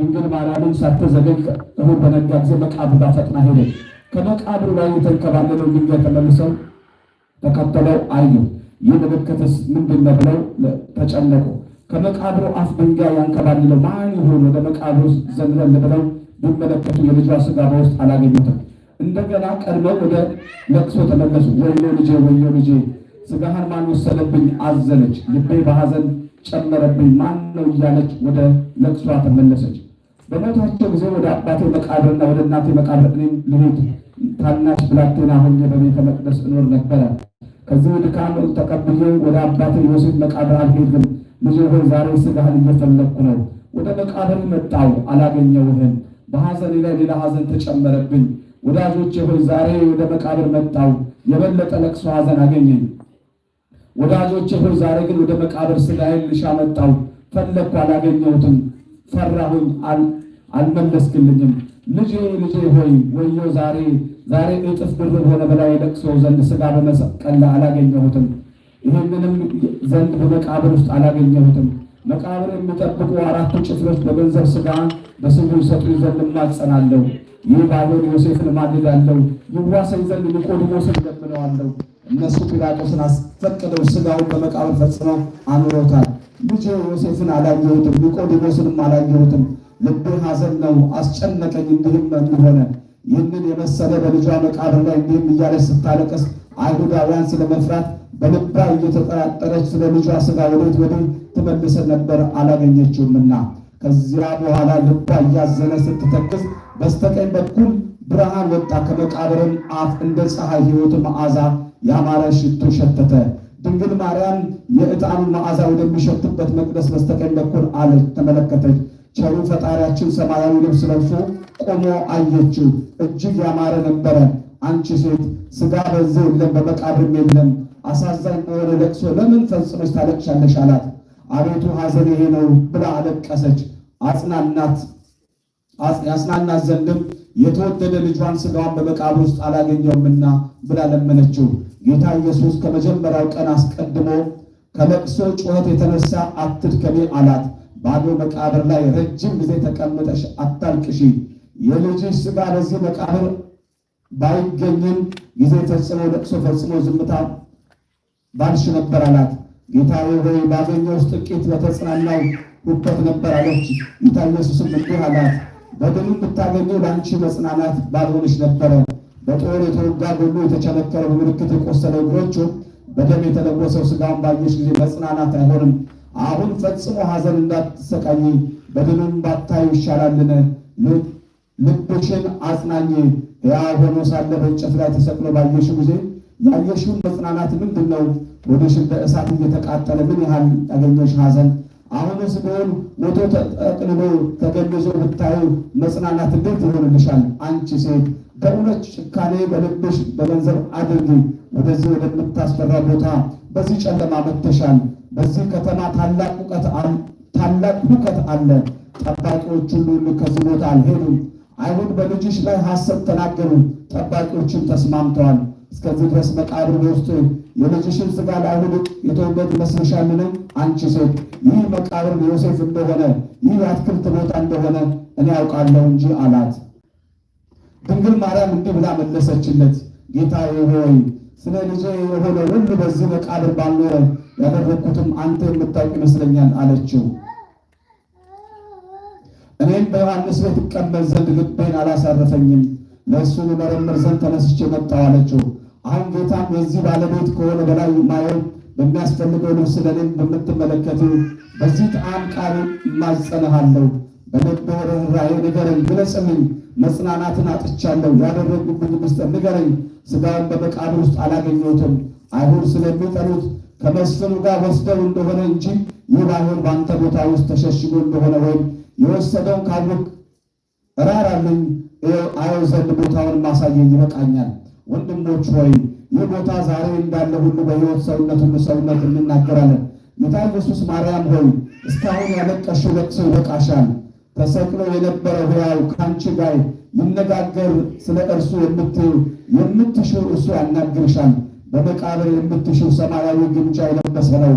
ድንግል ማርያምን ሳትዘገይ እሁድ በነጋ ጊዜ መቃብሩ ጋር ፈጥና ሄደች። ከመቃብሩ ላይ የተንከባለለው ድንጋይ ተመልሰው ተከተለው አዩ። ይህ ምልክትስ ምንድን ነው ብለው ተጨነቁ። ከመቃብሩ አፍ ድንጋይ ያንከባልለው ማን ይሆን? ወደ መቃብሩ ዘንበል ብለው ቢመለከቱ የልጇ ስጋ በውስጥ አላገኙትም። እንደገና ቀድመው ወደ ለቅሶ ተመለሱ። ወዮ ልጄ፣ ወዮ ልጄ፣ ስጋህን ማን ወሰደብኝ? አዘነች ልቤ በሐዘን ጨመረብኝ። ማን ነው እያለች ወደ ለቅሷ ተመለሰች። በሞታቸው ጊዜ ወደ አባቴ መቃብርና ወደ እናቴ መቃብር እኔም ልሂድ ታናሽ ብላቴና ሆኜ በቤተ መቅደስ እኖር ነበረ። ከዚህ ድካም ተቀብዬ ወደ አባቴ ዮሴፍ መቃብር አልሄድም። ልጄ ሆይ ዛሬ ስጋህን እየፈለግኩ ነው። ወደ መቃብር መጣው አላገኘውህን በሐዘኔ ላይ ሌላ ሐዘን ተጨመረብኝ። ወዳጆቼ ሆይ ዛሬ ወደ መቃብር መጣው የበለጠ ለቅሶ ሐዘን አገኘኝ። ወዳጆቼ ሆይ ዛሬ ግን ወደ መቃብር ሥጋዬን ልሻ መጣው ፈለግኩ፣ አላገኘሁትም። ፈራሁኝ፣ አልመለስክልኝም። ልጄ ልጄ ሆይ ወዮ ዛሬ ዛሬ እጥፍ ድርብ ሆነ በላይ ለቅሶ ዘንድ ስጋ በመስቀል አላገኘሁትም፣ ይህንንም ዘንድ በመቃብር ውስጥ አላገኘሁትም። መቃብር የሚጠብቁ አራቱ ጭፍሮች በገንዘብ ስጋ በስሙ ይሰጡኝ ዘንድ እማጸናለሁ። ይህ ባይሆን ዮሴፍን ማልዳለሁ፣ ይዋሰኝ ዘንድ ኒቆዲሞስን እለምነዋለሁ። እነሱ ጲላጦስን አስፈቅደው ስጋውን በመቃብር ፈጽመው አኑረውታል። ቅዱስ ዮሴፍን አላየሁትም፣ ኒቆዲሞስንም አላየሁትም። ልብህ ሐዘን ነው አስጨነቀኝ፣ እንዲህም ሆነ። ይህንን የመሰለ በልጇ መቃብር ላይ እንዲህም እያለች ስታለቀስ አይሁዳውያን ስለመፍራት በልባ እየተጠራጠረች ስለ ልጇ ሥጋ ወዴት ወዲህ ትመልሰ ነበር አላገኘችውምና። ከዚያ በኋላ ልባ እያዘነ ስትተክዝ በስተቀኝ በኩል ብርሃን ወጣ፣ ከመቃብርም አፍ እንደ ፀሐይ ሕይወት መዓዛ ያማረ ሽቶ ሸተተ። ድንግል ማርያም የዕጣኑ መዓዛ ወደሚሸትበት መቅደስ በስተቀኝ በኩል አለች፣ ተመለከተች። ቸሩ ፈጣሪያችን ሰማያዊ ልብስ ለብሶ ቆሞ አየችው። እጅግ ያማረ ነበረ። አንቺ ሴት ስጋ በዚህ የለም በመቃብርም የለም፣ አሳዛኝ በሆነ ለቅሶ ለምን ፈጽመች ታለቅሻለሽ? አላት። አቤቱ ሐዘን ይሄ ነው ብላ አለቀሰች። አጽናናት ያጽናናት ዘንድም የተወደደ ልጇን ስጋዋን በመቃብር ውስጥ አላገኘውምና ብላ ለመነችው። ጌታ ኢየሱስ ከመጀመሪያው ቀን አስቀድሞ ከለቅሶ ጩኸት የተነሳ አትድከሜ አላት። ባዶ መቃብር ላይ ረጅም ጊዜ ተቀምጠሽ አታልቅሺ፣ የልጅሽ ስጋ ለዚህ መቃብር ባይገኝም ጊዜ ፈጽሞ ለቅሶ ፈጽሞ ዝምታ ባልሽ ነበር አላት። ጌታ ሆይ ባገኘው ውስጥ ጥቂት ሁበት ነበር አለች። ጌታ ኢየሱስም እንዲህ አላት በግል ብታገኘው ለአንቺ መጽናናት ባልሆንሽ ነበረ። በጦር የተወጋ ጎኑ የተቸነከረ፣ በምልክት የቆሰለ እግሮቹ በደም የተለወሰው ስጋውን ባየሽ ጊዜ መጽናናት አይሆንም። አሁን ፈጽሞ ሐዘን እንዳትሰቃኝ በድኑም ባታዩ ይሻላልን። ልብሽን አጽናኝ። ያ ሆኖ ሳለ በእንጨት ላይ ተሰቅሎ ባየሽ ጊዜ ያየሽውን መጽናናት ምንድን ነው? ወደሽን በእሳት እየተቃጠለ ምን ያህል ያገኘሽ ሐዘን አሁን በሆኑ ሞቶ ተጠቅልሎ ተገንዞ ብታዩ መጽናናት እንዴት ይሆንልሻል? አንቺ ሴት በእውነት ጭካኔ በልብሽ በገንዘብ አድርጊ። ወደዚህ ወደምታስፈራ ቦታ በዚህ ጨለማ መጥተሻል። በዚህ ከተማ ታላቅ ሁከት አለ። ጠባቂዎች ሁሉ ከዚህ ቦታ አልሄዱም። አይሁድ በልጅሽ ላይ ሐሰት ተናገሩ፣ ጠባቂዎችን ተስማምተዋል። እስከዚህ ድረስ መቃብር በውስጡ የልጅሽን ስጋ ለአይሁድ የተወበት መስሎሻልን? አንቺ ሴት ይህ መቃብር ዮሴፍ እንደሆነ ይህ የአትክልት ቦታ እንደሆነ እኔ ያውቃለሁ እንጂ አላት። ድንግል ማርያም እንዲህ ብላ መለሰችለት፣ ጌታ ሆይ ስለ ልጄ የሆነ ሁሉ በዚህ መቃብር ባልኖረ ያደረግኩትም አንተ የምታውቅ ይመስለኛል አለችው። እኔም በዮሐንስ ቤት እቀመጥ ዘንድ ልቤን አላሳረፈኝም ነፍሱን መረምር ዘንድ ተነስቼ መጣሁ አለችው። አሁን ጌታም የዚህ ባለቤት ከሆነ በላይ ማየው በሚያስፈልገው ልብስ ለኔም በምትመለከቱ በዚህ ጣም ቃል እማጸንሃለሁ። በነበረ ራእይ ንገረኝ፣ ግለጽልኝ። መጽናናትን አጥቻለሁ። ያደረጉብኝ ምስጢር ንገረኝ። ስጋውን በመቃብር ውስጥ አላገኘሁትም። አይሁድ ስለሚጠሉት ከመስፍኑ ጋር ወስደው እንደሆነ እንጂ ይህ ባይሆን በአንተ ቦታ ውስጥ ተሸሽጎ እንደሆነ ወይም የወሰደውን ካሉት እራራልኝ አየው ዘንድ ቦታውን ማሳየኝ ይበቃኛል። ወንድሞች ሆይ ይህ ቦታ ዛሬ እንዳለ ሁሉ በሕይወት ሰውነት ሁሉ ሰውነት እንናገራለን። ጌታ ኢየሱስ ማርያም ሆይ እስካሁን ያለቀሽው ለቅሶ ይበቃሻል። ተሰቅሎ የነበረ ሕያው ከአንቺ ጋር ይነጋገር ስለ እርሱ የምትሽው እሱ ያናግርሻል። በመቃብር የምትሽው ሰማያዊ ግምጃ የለበሰ ነው።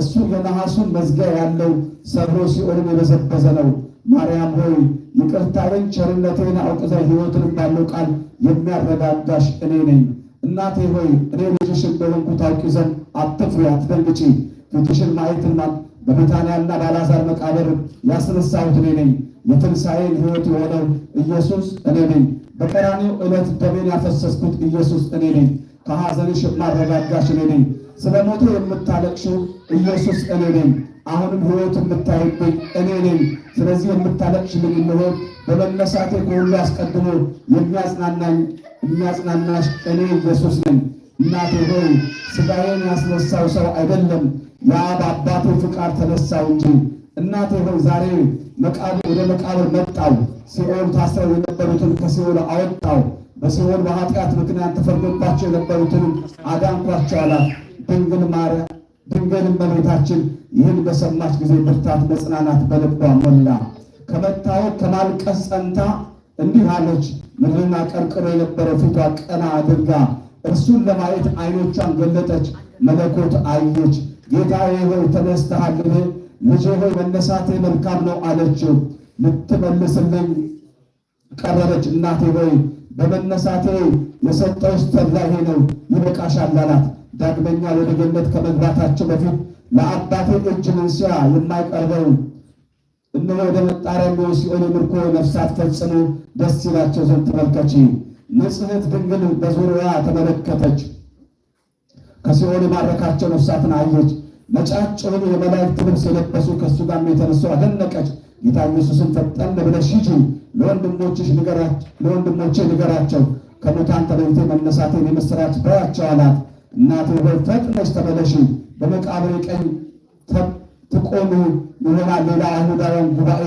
እሱ የነሐሱን መዝጊያ ያለው ሰብሮ ሲኦልን የበዘበዘ ነው። ማርያም ሆይ ይቅርታውን ቸርነቴን አውቅ ዘንድ ሕይወትን ባለው ቃል የሚያረጋጋሽ እኔ ነኝ። እናቴ ሆይ እኔ ልጅሽን እንደሆንኩ ታውቂ ዘንድ አትፍሪ፣ አትደንግጪ። ፊትሽን ማየትና በቤታንያና በአልዓዛር መቃብር ያስነሳሁት እኔ ነኝ። የትንሣኤን ሕይወት የሆነው ኢየሱስ እኔ ነኝ። በቀራኒው ዕለት ደሜን ያፈሰስኩት ኢየሱስ እኔ ነኝ። ከሐዘንሽ ማረጋጋሽ እኔ ነኝ። ስለ ሞቴ የምታለቅሽው ኢየሱስ እኔ ነኝ። አሁንም ህይወት የምታይብኝ እኔ ነኝ። ስለዚህ የምታለቅሽልኝ እነሆ በመነሳቴ ከሁሉ አስቀድሞ የሚያጽናናኝ የሚያጽናናሽ እኔ ኢየሱስ ነኝ። እናቴ ሆይ ስጋዬን ያስነሳው ሰው አይደለም የአብ አባቴ ፍቃድ ተነሳው እንጂ። እናቴ ሆይ ዛሬ ወደ መቃብር መጣው፣ ሲኦል ታስረው የነበሩትን ከሲኦል አወጣው፣ በሲኦል በኃጢአት ምክንያት ተፈርዶባቸው የነበሩትን አዳንኳቸው አላት። ድንግል ማርያም ድንግል እመቤታችን ይህን በሰማች ጊዜ ብርታት፣ መጽናናት በልቧ ሞላ። ከመታወቅ ከማልቀስ ጸንታ እንዲህ አለች። ምድርና ቀርቅሮ የነበረው ፊቷ ቀና አድርጋ እርሱን ለማየት ዓይኖቿን ገለጠች። መለኮት አየች። ጌታዬ ሆይ ተነስተሃልን? ልጄ ሆይ መነሳቴ መልካም ነው አለችው። ልትመልስልኝ ቀረበች። እናቴ ሆይ በመነሳቴ የሰጠሁሽ ተድላ ይሄ ነው፣ ይበቃሻል አላት። ዳግመኛ ወደ ገነት ከመግባታቸው በፊት ለአባቴ እጅ መንስያ የማይቀርበው እነሆ ወደ መጣሪያው ሲኦል ምርኮ ነፍሳት ፈጽሞ ደስ ይላቸው ዘንድ ተመልከች። ንጽሕት ድንግል በዙሪያዋ ተመለከተች፣ ከሲኦል የማረካቸው ነፍሳትን አየች። ነጫጭ የሆኑ የመላእክት ልብስ የለበሱ ከእሱ ጋር የተነሱ አደነቀች። ጌታ ኢየሱስን ፈጠን ብለሽ ሂጂ፣ ለወንድሞቼ ንገራቸው፣ ከሙታን ተለይቼ መነሳቴን የምሥራች በያቸው አላት። እናቱ ሆይ ፈጥነሽ ተመለሺ፣ በመቃብሬ ቀኝ ትቆሙ ይሆናል። ሌላ አይሁዳውያን ጉባኤ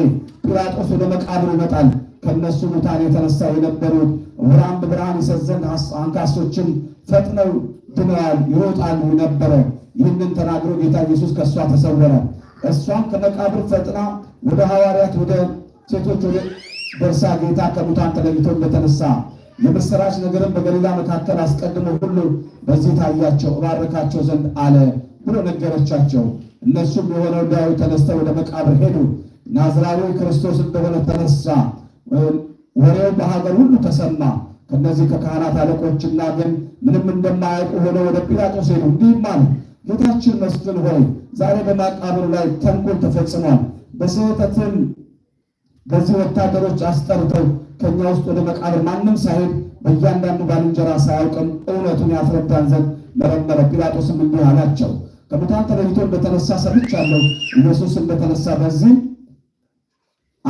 ጲላጦስ ወደ መቃብር ይመጣል። ከእነሱ ሙታን የተነሳው የነበሩት ብርሃን በብርሃን ይሰጥ ዘንድ አንካሶችም ፈጥነው ድነዋል ይሮጣሉ ነበረ። ይህንን ተናግሮ ጌታ ኢየሱስ ከእሷ ተሰወረ። እሷም ከመቃብር ፈጥና ወደ ሐዋርያት ወደ ሴቶች ወደ ደርሳ ጌታ ከሙታን ተለይቶ እንደተነሳ የምስራች ነገርን በገሊላ መካከል አስቀድሞ ሁሉ በዚህ ታያቸው እባርካቸው ዘንድ አለ ብሎ ነገረቻቸው። እነሱም የሆነው እንዲያዩ ተነስተው ወደ መቃብር ሄዱ። ናዝራዊ ክርስቶስ እንደሆነ ተነሳ። ወሬው በሀገር ሁሉ ተሰማ። ከነዚህ ከካህናት አለቆችና ግን ምንም እንደማያውቁ ሆነ ወደ ጲላጦስ ሄዱ። እንዲህም ጌታችን መስፍን ሆይ ዛሬ በመቃብሩ ላይ ተንኮል ተፈጽሟል። በስህተትም በዚህ ወታደሮች አስጠርተው ከእኛ ውስጥ ወደ መቃብር ማንም ሳይሄድ በእያንዳንዱ ባልንጀራ ሳያውቅም እውነቱን ያስረዳን ዘንድ መረመረ። ጲላጦስም እንዲህ አላቸው፣ ከሙታን ተለይቶ እንደተነሳ ሰምቻለሁ። ኢየሱስ እንደተነሳ በዚህ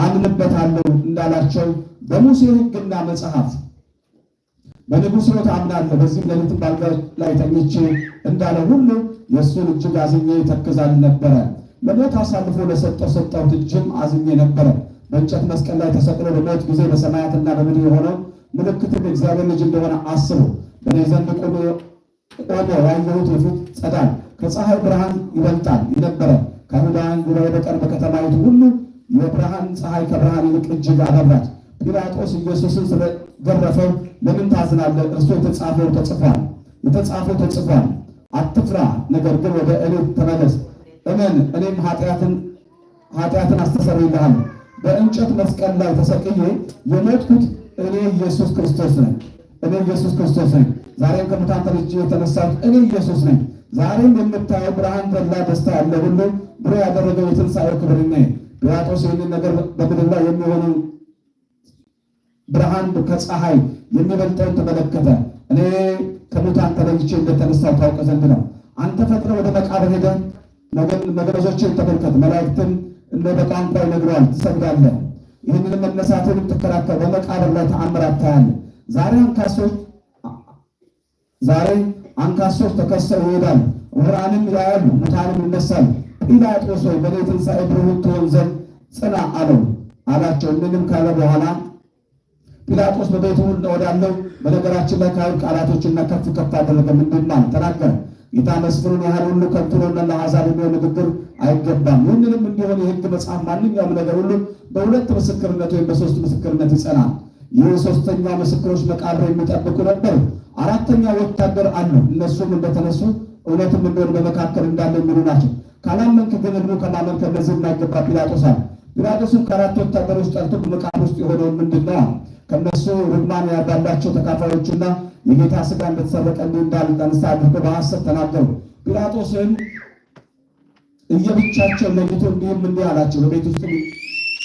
አምንበታለሁ እንዳላቸው በሙሴ ሕግና መጽሐፍ በንጉሥ ሕይወት አምናለሁ፣ በዚህም ሌሊት በአልጋ ላይ ተኝቼ እንዳለ ሁሉ የእሱን እጅግ አዝኜ ተክዛል ነበረ። ለሞት አሳልፎ ለሰጠው ሰጠሁት፣ እጅም አዝኜ ነበረ በእንጨት መስቀል ላይ ተሰቅሎ በሞት ጊዜ በሰማያትና በምድር የሆነው ምልክትን እግዚአብሔር ልጅ እንደሆነ አስቡ። በእኔ ዘንድ ቆሞ ያየሁት የፊት ጸዳል ከፀሐይ ብርሃን ይበልጣል የነበረ ከአይሁዳውያን ጉባኤ በቀር በከተማይቱ ሁሉ የብርሃን ፀሐይ ከብርሃን ይልቅ እጅግ አበራች። ጲላጦስ ኢየሱስን ስለገረፈው ለምን ታዝናለህ? እርሱ የተጻፈው ተጽፏል የተጻፈው ተጽፏል። አትፍራ፣ ነገር ግን ወደ እኔ ተመለስ፣ እመን፣ እኔም ኃጢአትን አስተሰርይልሃለሁ በእንጨት መስቀል ላይ ተሰቅዬ የሞትኩት እኔ ኢየሱስ ክርስቶስ ነኝ። እኔ ኢየሱስ ክርስቶስ ነኝ። ዛሬም ከሙታን ተለይቼ የተነሳሁት እኔ ኢየሱስ ነኝ። ዛሬም የምታየው ብርሃን በላ ደስታ ያለ ሁሉ ብሮ ያደረገው የትንሣኤው ክብር ነ ጲላጦስ ይህንን ነገር በምድር ላይ የሚሆኑ ብርሃን ከፀሐይ የሚበልጠውን ተመለከተ። እኔ ከሙታን ተለይቼ እንደተነሳሁ ታውቅ ዘንድ ነው። አንተ ፈጥነህ ወደ መቃብር ሄደህ መገረዞችን ተመልከት፣ መላእክትን እንደ በቋንቋ ይነግረዋል፣ ትሰግዳለህ። ይህንንም መነሳትን ትከራከር፣ በመቃብር ላይ ተአምራት ታያለህ። ዛሬ አንካሶች ዛሬ አንካሶች ተከሰው ይሄዳሉ፣ ዕውራንም ያያሉ፣ ሙታንም ይነሳሉ። ጲላጦስ ሆይ በእኔ ትንሣኤ ብሩህ ትሆን ዘንድ ጽና አለው አላቸው። እነንም ካለ በኋላ ጲላጦስ በቤቱ ወዳለው በነገራችን ላይ ካሉ ቃላቶችና ከፍ ከፍ አደረገ። ምንድን ነው ተናገረ ጌታ መስፍንን ያህል ሁሉ ከንቱ ነውና ለአሕዛብ የሚሆን ንግግር አይገባም። ይህንንም እንዲሆን የሕግ መጽሐፍ ማንኛውም ነገር ሁሉ በሁለት ምስክርነት ወይም በሶስት ምስክርነት ይጸናል። ይህ ሶስተኛ ምስክሮች መቃብር የሚጠብቁ ነበሩ። አራተኛ ወታደር አሉ። እነሱም እንደተነሱ እውነትም እንደሆነ በመካከል እንዳለ የሚሉ ናቸው። ካላመንክ ግን እድኑ ከማመን ከነዚህ የማይገባ ጲላጦስ አለ። ጲላጦስም ከአራት ወታደሮች ጠርቶ መቃብር ውስጥ የሆነውን ምንድን ነው ከእነሱ ርግማን ያዳላቸው ተካፋዮችና የጌታ ስጋ እንዳል እንዳልጠንሳ አድርጎ በሐሰብ ተናገሩ። ጲላጦስን እየብቻቸው ለይቶ እንዲህም እንዲህ አላቸው፣ በቤት ውስጥ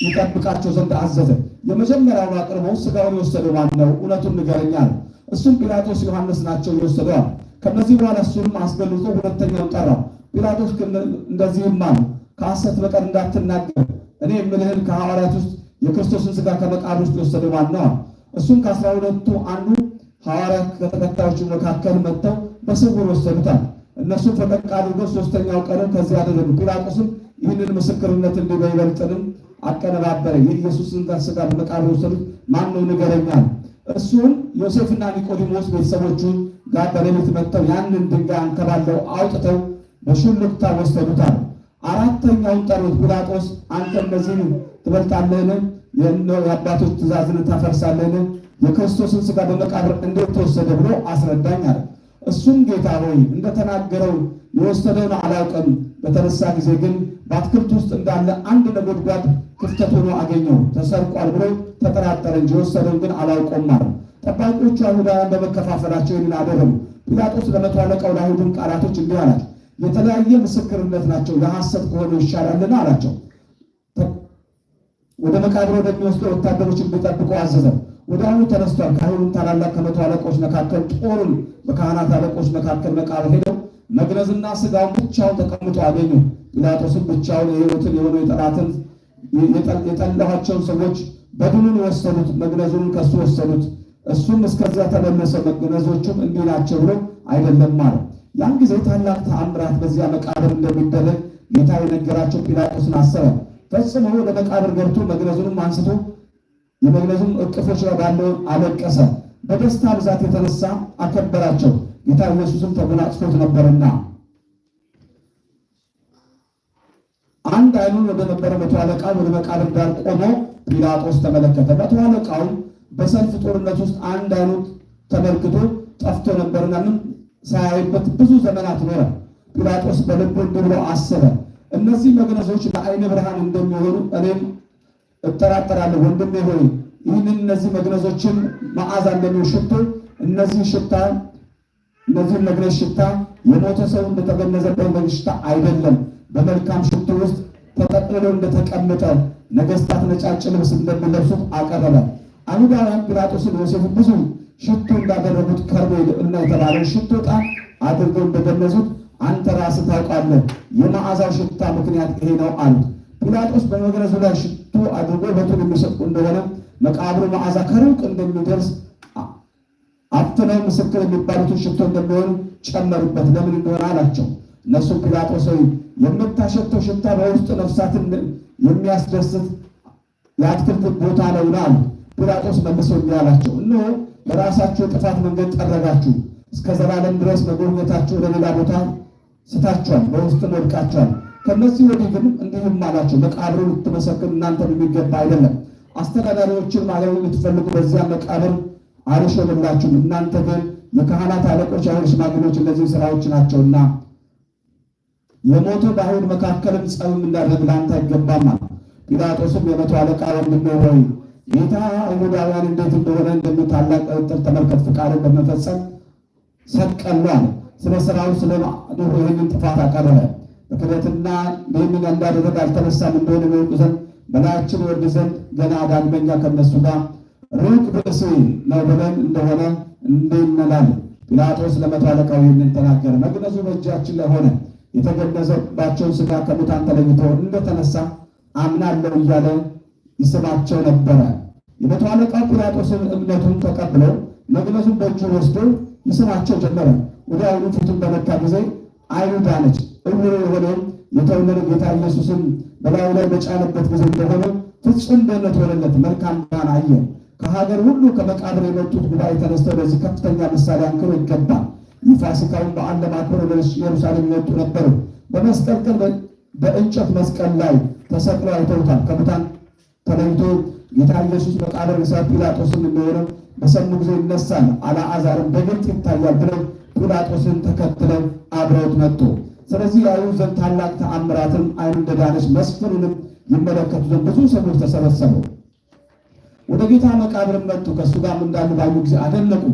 ይጠብቃቸው ዘንድ አዘዘ። የመጀመሪያውን አቅርቦ ስጋውን የወሰደ ማን ነው? እውነቱን ንገረኛ ነው። እሱም ጲላጦስ ዮሐንስ ናቸው የወሰደዋል። ከነዚህ በኋላ እሱንም አስገልጾ ሁለተኛውን ጠራው። ጲላጦስ እንደዚህም አለ፣ ከሐሰት በቀር እንዳትናገር እኔ የምልህን ከሐዋርያት ውስጥ የክርስቶስን ስጋ ከመቃብር ውስጥ የወሰደ ማን ነው? እሱም ከአስራ ሁለቱ አንዱ ሐዋርያት ከተከታዮቹ መካከል መጥተው በስውር ወሰዱታል። እነሱም ፈቀቅ አድርገው ሶስተኛው ቀንም ከዚህ አደረጉ። ጲላጦስም ይህንን ምስክርነት እንዲህ በይበልጥንም አቀነባበረ። የኢየሱስን ስጋ በመቃብር የወሰዱት ማን ነው ንገረኛል። እሱም ዮሴፍና ኒቆዲሞስ ቤተሰቦቹ ጋር በሌሊት መጥተው ያንን ድንጋይ አንከባለው አውጥተው በሹልክታ ወሰዱታል። አራተኛውን ጠሩት። ጲላጦስ አንተ እነዚህ ትበልጣለህን? የአባቶች ትእዛዝን ታፈርሳለን? የክርስቶስን ስጋ በመቃብር እንዴት ተወሰደ ብሎ አስረዳኝ አለ። እሱም ጌታ ሆይ እንደተናገረው የወሰደውን አላውቅም፣ በተነሳ ጊዜ ግን በአትክልት ውስጥ እንዳለ አንድ ነጎድጓድ ክፍተት ሆኖ አገኘው፣ ተሰርቋል ብሎ ተጠራጠረ እንጂ የወሰደውን ግን አላውቀውም አለ። ጠባቂዎቹ አይሁዳውያን በመከፋፈላቸው ይህንን አደረጉ። ጲላጦስ ለመቶ አለቃው ለአይሁድም ቃላቶች እንዲህ አላቸው፣ የተለያየ ምስክርነት ናቸው፣ ለሐሰት ከሆነ ይሻላልና አላቸው። ወደ መቃብሮ በሚወስዱ ወታደሮች እንዲጠብቁ አዘዘ። ወዲያውኑ ተነስቷል። ከአይሁድም ታላላቅ ከመቶ አለቆች መካከል ጦሩን በካህናት አለቆች መካከል መቃብር ሄደው መግነዝና ስጋውን ብቻውን ተቀምጦ አገኙ። ጲላጦስም ብቻውን የሕይወትን የሆኑ የጠላትን የጠላኋቸውን ሰዎች በድኑን ወሰዱት፣ መግነዙን ከሱ ወሰዱት። እሱም እስከዚያ ተመለሰ። መግነዞቹም እንዲህ ናቸው ብሎ አይደለም አለ። ያን ጊዜ ታላቅ ተአምራት በዚያ መቃብር እንደሚደረግ ጌታ የነገራቸው ጲላጦስን አሰበ። ፈጽሞ ወደ መቃብር ገብቶ መግነዙንም አንስቶ የመግነዙም እቅፎች ላይ ባለውን አለቀሰ። በደስታ ብዛት የተነሳ አከበራቸው። ጌታ ኢየሱስም ተጎናጽፎት ነበርና አንድ አይኑን ወደ ነበረ መቶ አለቃ ወደ መቃብር ዳር ቆሞ ጲላጦስ ተመለከተ። መቶ አለቃውም በሰልፍ ጦርነት ውስጥ አንድ አይኑ ተመልክቶ ጠፍቶ ነበርና ምን ሳያይበት ብዙ ዘመናት ኖረ። ጲላጦስ በልቡ እንዲህ ብሎ አሰበ እነዚህ መቅረዞች ለዓይነ ብርሃን እንደሚሆኑ እኔም እጠራጠራለሁ። ወንድሜ ሆይ ይህንን እነዚህ መቅረዞችን መዓዛ እንደሚሆን ሽቶ እነዚህ ሽታ እነዚህ መቅረዝ ሽታ የሞተ ሰው እንደተገነዘበት ሽታ አይደለም። በመልካም ሽቶ ውስጥ ተጠቅልሎ እንደተቀመጠ ነገስታት ነጫጭ ልብስ እንደሚለብሱት አቀረበ። አይሁዳውያን ጲላጦስን ዮሴፍ ብዙ ሽቶ እንዳደረጉት ከርቤ እና የተባለው ሽቶ ዕጣን አድርገው እንደገነዙት አንተ ራስ ታውቃለህ፣ የመዓዛው ሽታ ምክንያት ይሄ ነው አሉ። ጲላጦስ በመግረዙ ላይ ሽቱ አድርጎ በቱን የሚሰጡ እንደሆነ መቃብሩ መዓዛ ከሩቅ እንደሚደርስ አፍትነው ምስክር የሚባሉትን ሽቶ እንደሚሆን ጨመሩበት። ለምን እንደሆነ አላቸው። እነሱ ፒላጦስ ሆይ የምታሸተው ሽታ በውስጡ ነፍሳትን የሚያስደስት የአትክልት ቦታ ነውና አሉ። ፒላጦስ መልሶ እንዲህ አላቸው፣ እነሆ በራሳችሁ ጥፋት መንገድ ጠረጋችሁ፣ እስከ ዘላለም ድረስ መጎብኘታችሁ ወደ ሌላ ቦታ ስታችኋል፣ በውስጥ ወድቃችኋል። ከነዚህ ወዲህ ግን እንዲሁም አላቸው መቃብሩ ልትመሰክን እናንተ የሚገባ አይደለም። አስተዳዳሪዎችን ማለዊ የምትፈልጉ በዚያ መቃብር አልሾምላችሁም። እናንተ ግን የካህናት አለቆች፣ አሁን ሽማግሌዎች እነዚህ ስራዎች ናቸውና የሞቱ በአሁን መካከልም ጸብም እንዳደረግ ለአንተ አይገባማል። ጲላጦስም የመቶ አለቃ ወንድሜ ሆይ ጌታ አይሁዳውያን እንዴት እንደሆነ እንደምን ታላቅ ተመልከት፣ ፍቃድን በመፈጸም ሰቀሉ አለ። ስለ ስራው ስለ ማዕደሩ ይህንን ጥፋት አቀረበ። ምክንያትና ይህንን እንዳደረገ አልተነሳም እንደሆነ መወቁ ዘንድ በላያችን ወርድ ዘንድ ገና ዳግመኛ ከነሱ ጋር ሩቅ ብእስ ነው ብለን እንደሆነ እንድንላል። ጲላጦስ ለመቶ አለቃው ይህንን ተናገረ። መግነዙ በእጃችን ላይ ሆነ። የተገነዘባቸውን ስጋ ከሙታን ተለይቶ እንደተነሳ አምናለው እያለ ይስባቸው ነበረ። የመቶ አለቃው ጲላጦስን እምነቱን ተቀብለው መግነዙን በእጁ ወስዶ ይስባቸው ጀመረ። ወደ ፊቱን በመታ ጊዜ ዓይኑ ዳነች። እምሮ የሆነውም የተወለደ ጌታ ኢየሱስን በላዩ ላይ በጫነበት ጊዜ እንደሆነ ፍጹም ድኅነት ሆነለት፣ መልካም ባን አየ። ከሀገር ሁሉ ከመቃብር የመጡት ጉባኤ ተነስተው በዚህ ከፍተኛ ምሳሌ አንክሮ ይገባ የፋሲካውን በዓል ለማክበር ወደ ኢየሩሳሌም ይወጡ ነበሩ። በመስቀል ቀን በእንጨት መስቀል ላይ ተሰቅሎ አይተውታል። ከሙታን ተለይቶ ጌታ ኢየሱስ መቃብር ሳት ጲላጦስም እንደሆነ በሰሙ ጊዜ ይነሳል፣ አልዓዛርም በግልጥ ይታያል ብለው ጲላጦስን ተከትለው አብረውት መጡ። ስለዚህ ያዩ ዘንድ ታላቅ ተአምራትም ዓይኑ እንደዳነች መስፍንንም ይመለከቱ ዘንድ ብዙ ሰዎች ተሰበሰቡ። ወደ ጌታ መቃብርን መጡ። ከእሱ ጋር እንዳሉ ባዩ ጊዜ አደነቁ።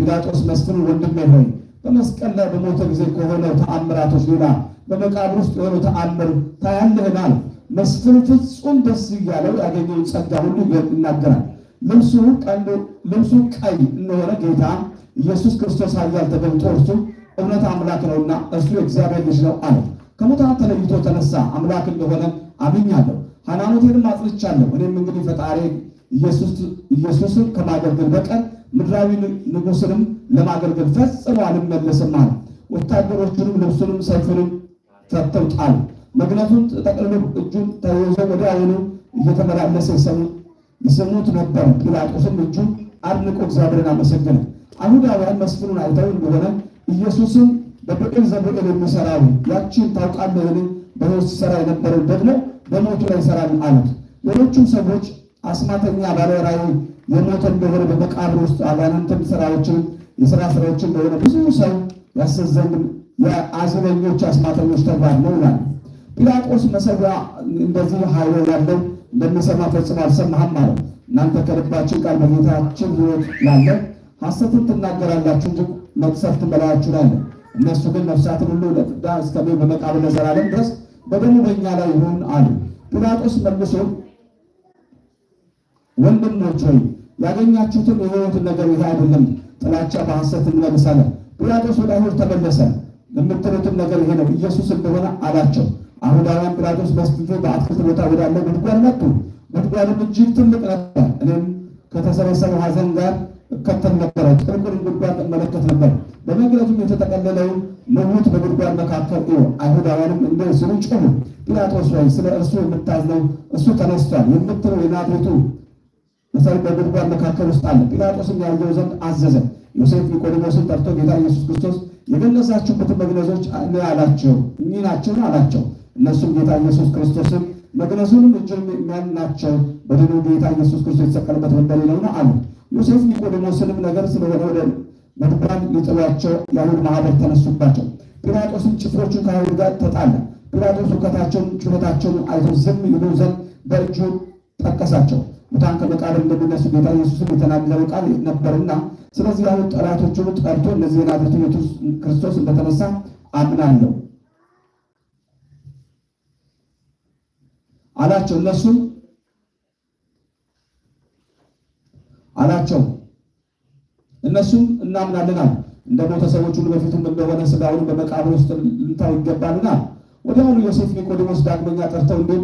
ጲላጦስ መስፍን ወንድሜ ሆይ በመስቀል ላይ በሞተ ጊዜ ከሆነው ተአምራቶች ሌላ በመቃብር ውስጥ የሆነው ተአምር ታያልህናል። መስፍን ፍጹም ደስ እያለው ያገኘውን ጸጋ ሁሉ ይናገራል። ልብሱ ቀይ እንደሆነ ጌታ ኢየሱስ ክርስቶስ ኃያል ተገልጦ እርሱ እውነት አምላክ ነውና እርሱ የእግዚአብሔር ልጅ ነው አለ። ከሙታን ተለይቶ ተነሳ። አምላክ እንደሆነ አምኛለሁ፣ ሃይማኖቴንም አጽንቻለሁ። እኔም እንግዲህ ፈጣሪ ኢየሱስን ከማገልገል በቀር ምድራዊ ንጉሥንም ለማገልገል ፈጽሞ አልመለስም አለ። ወታደሮቹንም ልብሱንም ሰይፉንም ፈተው ጣሉ። መግነቱን ጠቅልሎ እጁን ተይዞ ወደ አይኑ እየተመላለሰ ይሰሙት ነበር። ጲላጦስም እጁን አድንቆ እግዚአብሔርን አመሰገነ። አይሁዳውያን መስፍኑን አይተው እንደሆነ ኢየሱስን በብቅል ዘብቅል የሚሰራው ያቺን ታውቃለህን? በሕይወት ሲሰራ የነበረው ደግሞ በሞቱ ላይ ይሰራል አሉት። ሌሎቹም ሰዎች አስማተኛ ባለ የሞተ እንደሆነ በመቃብር ውስጥ አጋንንትን ስራዎችን የስራ ስራዎችን እንደሆነ ብዙ ሰው ያሰዘን የአዝበኞች አስማተኞች ተግባር ነው ይላል። ጲላጦስ መሰዊያ እንደዚህ ሀይሎ ያለው እንደሚሰማ ፈጽሞ አልሰማህም አለው። እናንተ ከልባችን ቃል በጌታችን ሕይወት ላለ ሐሰትን ትናገራላችሁ እንጂ መቅሰፍትን በላያችሁ ላይ እነሱ ግን ነፍሳትን ሁሉ ለፍዳ እስከሜ በመቃብር ለዘላለም ድረስ በደሙ በእኛ ላይ ይሁን አሉ። ጲላጦስ መልሶ ወንድሞች ሆይ ያገኛችሁትን የሕይወትን ነገር ይህ አይደለም፣ ጥላቻ በሐሰት እንመልሳለን። ጲላጦስ ወደ አይሁድ ተመለሰ። የምትሉትን ነገር ይሄ ነው ኢየሱስ እንደሆነ አላቸው። አይሁዳውያን ጲላጦስ በስቶ በአትክልት ቦታ ወዳለ ጉድጓድ መጡ። ጉድጓድም እጅግ ትልቅ ነበር። እኔም ከተሰበሰበው ሀዘን ጋር እከተል ነበረ። ጥርቅር ጉድጓድ እመለከት ነበር። በመግለቱም የተጠቀለለው ምውት በጉድጓድ መካከል እዩ። አይሁዳውያንም እንደ እስሩ ጮኹ። ጲላጦስ ሆይ ስለ እርሱ የምታዝነው እሱ ተነስቷል የምትለው የናዝሬቱ ምሳሌ በጉድጓድ መካከል ውስጥ አለ። ጲላጦስም ያየው ዘንድ አዘዘ። ዮሴፍ ኒቆዲሞስን ጠርቶ ጌታ ኢየሱስ ክርስቶስ የገለጻችሁበትን መግነዞች አላቸው እኚህ ናቸውን አላቸው። እነሱም ጌታ ኢየሱስ ክርስቶስን መግነዙንም እጁን የሚያል ናቸው። በድኑ ጌታ ኢየሱስ ክርስቶስ የተሰቀለበት ወንበሌ ነውና አሉ። ዮሴፍ ኒቆዲሞስንም ነገር ስለሆነ ወደ መድብራን ሊጥሏቸው የአይሁድ ማህበር ተነሱባቸው። ጲላጦስም ጭፍሮቹን ከአይሁድ ጋር ተጣለ። ጲላጦስ ውከታቸውን ጩኸታቸውን አይቶ ዝም ይሉ ዘንድ በእጁ ጠቀሳቸው። ሙታን ከመቃብር እንደሚነሱ ጌታ ኢየሱስም የተናገረው ቃል ነበርና፣ ስለዚህ አይሁድ ጠላቶቹን ጠርቶ እነዚህ የናዝሬቱ ኢየሱስ ክርስቶስ እንደተነሳ አምናለሁ አላቸው። እነሱም አላቸው። እነሱም እናምናለናል እንደ ሞተ ሰዎች ሁሉ በፊቱም እንደሆነ ሥጋውን በመቃብር ውስጥ ልንታው ይገባልና። ወዲያውኑ ዮሴፍ ኒቆዲሞስ ዳግመኛ ጠርተው እንዲሁም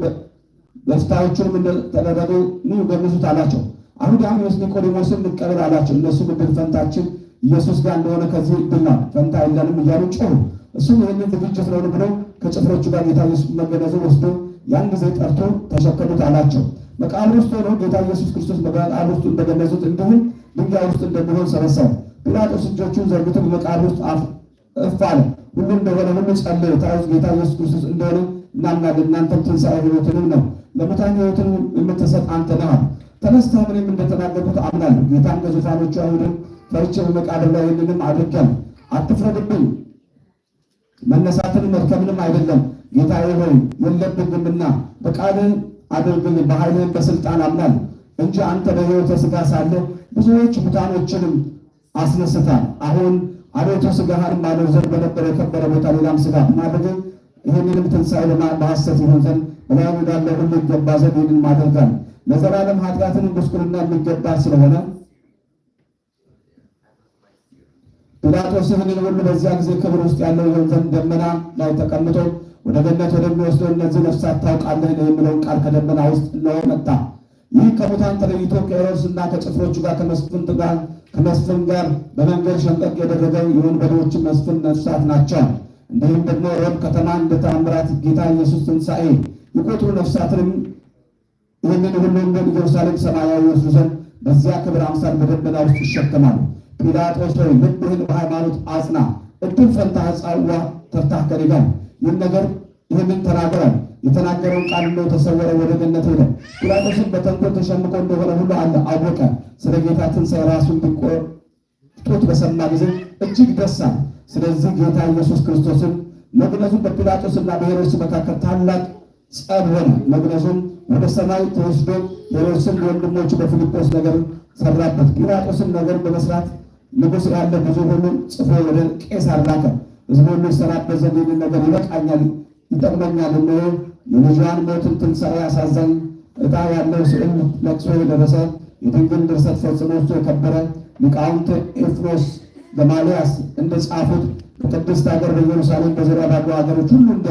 በፍታዎቹንም እንደተደረገ ኑ ገምዙት አላቸው። አሁን አይሁዳውያን ዮሴፍ ኒቆዲሞስን እንቀበል አላቸው። እነሱም ዕድል ፈንታችን ኢየሱስ ጋር እንደሆነ ከዚህ ዕድል ፈንታ የለንም እያሉ ጮሁ። እሱም ይህንን ዝግጅት ነውን ብሎ ከጭፍሮቹ ጋር ጌታ ኢየሱስ መገነዘብ ወስዶ ያን ጊዜ ጠርቶ ተሸከሙት አላቸው። መቃብር ውስጥ ሆኖ ጌታ ኢየሱስ ክርስቶስ በመቃብር ውስጥ እንደገለጹት እንዲሁም ድንጋይ ውስጥ እንደሚሆን ሰበሰቡ። ጲላጦስ እጆቹን ዘርግቶ በመቃብር ውስጥ እፍ አለ። ሁሉ እንደሆነ ሁሉ ጸለዩ። ታዩት ጌታ ኢየሱስ ክርስቶስ እንደሆነ እናምናለን፣ እናንተም ትንሣኤ ሕይወትንም ነው ለሙታን ሕይወትን የምትሰጥ አንተ ነህ። ተነስተህ ምንም እንደተናገርኩት አምናለሁ። ጌታም ከዙፋኖቹ አይሁድም ፈርቼ በመቃብር ላይ ይህንንም አድርጌያለሁ፣ አትፍረድብኝ፣ መነሳትን መድከምንም አይደለም ጌታ ሆይ የለብኝምና በቃልህ አድርግን በኃይልን በስልጣን አምናል እንጂ አንተ በሕይወተ ሥጋ ሳለ ብዙዎች ሙታኖችንም አስነስታል። አሁን አቤቱ ሥጋህን ማለው ዘር በነበረ የከበረ ቦታ ሌላም ሥጋ ማድረግህ ይህንንም ትንሣኤ በሐሰት ይሆን ዘንድ በላዩ እንዳለ ሁሉ ይገባ ዘንድ ይህንን ማደርጋል ለዘላለም ኃጢአትን ጉስቁልና የሚገባ ስለሆነ ጲላጦስ ይህንን ሁሉ በዚያ ጊዜ ክብር ውስጥ ያለው ይሆን ደመና ላይ ተቀምጦ ወደ ገነት ወደሚወስዶ እነዚህ ነፍሳት ታውቃለህ የሚለውን ቃል ከደመና ውስጥ እነሆ መጣ። ይህ ከሙታን ተለይቶ ከሄሮድስና ከጭፍሮቹ ጋር ከመስፍን ጋር ከመስፍን ጋር በመንገድ ሸንቀቅ ያደረገው የወንበዴዎች መስፍን ነፍሳት ናቸው። እንዲሁም ደግሞ ሮም ከተማ እንደ ተአምራት ጌታ ኢየሱስ ትንሣኤ የቆጥሩ ነፍሳትንም ይህንን ሁሉም ኢየሩሳሌም ሰማያዊ ይወስዱ ዘንድ በዚያ ክብር አምሳል በደመና ውስጥ ይሸከማሉ። ጲላጦስ ሆይ ልብህን በሃይማኖት አጽና፣ እድል ፈንታ ጻዋ ተፍታህ ከኔ ይህን ነገር ይህንን ተናገራል። የተናገረውን ቃል ነው ተሰወረ፣ ወደ ገነት ሄደ። ጲላጦስም በተንኮል ተሸምቆ እንደሆነ ሁሉ አለ አወቀ። ስለ ጌታ ትንሣኤ ራሱን ቢቆርጡት በሰማ ጊዜ እጅግ ደሳ ስለዚህ ጌታ ኢየሱስ ክርስቶስን መግነዙ በጲላጦስና በሄሮድስ መካከል ታላቅ ጸብ ሆነ። መግነዙም ወደ ሰማይ ተወስዶ ሄሮድስም ወንድሞቹ በፊልጶስ ነገር ሰራበት። ጲላጦስም ነገር በመስራት ንጉሥ ያለ ብዙ ሁሉ ጽፎ ወደ ቄሳር ላከ። ህዝቡ የሚሰራበት ዘዴን ነገር ይበቃኛል፣ ይጠቅመኛል እ የልጇን ሞትን ትንሣኤ ያሳዘኝ ዕጣ ያለው ስዕል ለቅሶ የደረሰ የድንግል ድርሰት ፈጽሞ የከበረ ሊቃውንት ኤፍኖስ ገማልያስ እንደጻፉት በቅድስት ሀገር በኢየሩሳሌም በዙሪያ ባሉ ሀገሮች ሁሉ እንደ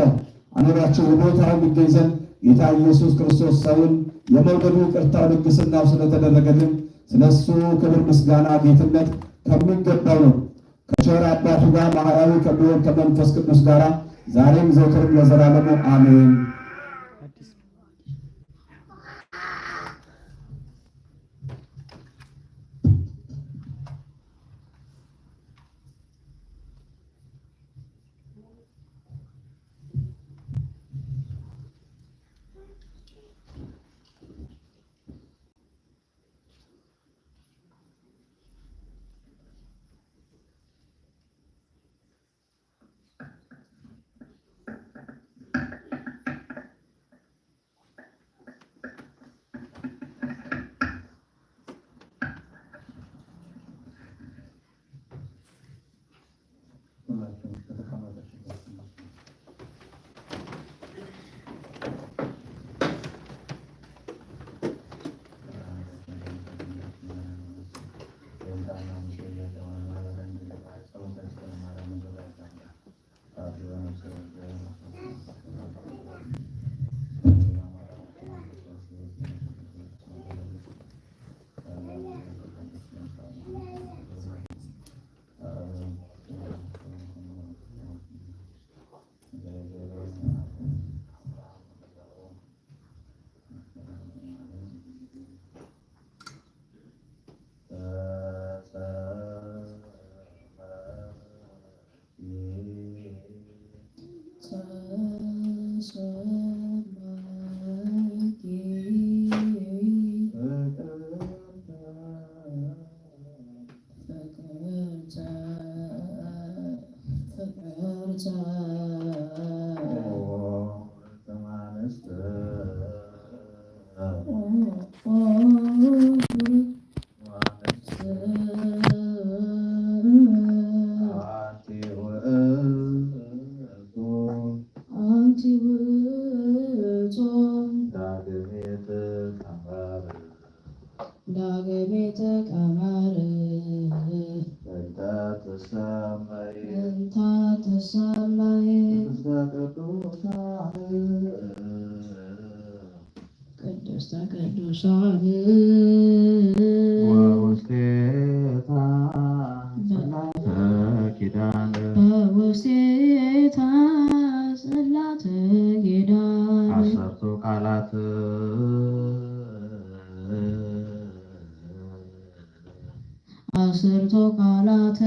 አኖራቸው በቦታው የሚገኝ ዘንድ ጌታ ኢየሱስ ክርስቶስ ሰውን የመውደዱ ቅርታው ልግስናው ስለተደረገልን ስለሱ ክብር ምስጋና ጌትነት ከሚገባው ነው። ከቸር አባቱ ጋር ማህራዊ ከሚሆን ከመንፈስ ቅዱስ ጋራ ዛሬም ዘውትርም ለዘላለሙ አሜን። যায় ጽላት ኪዳን አሰርቱ ቃላት አሰርቱ ቃላት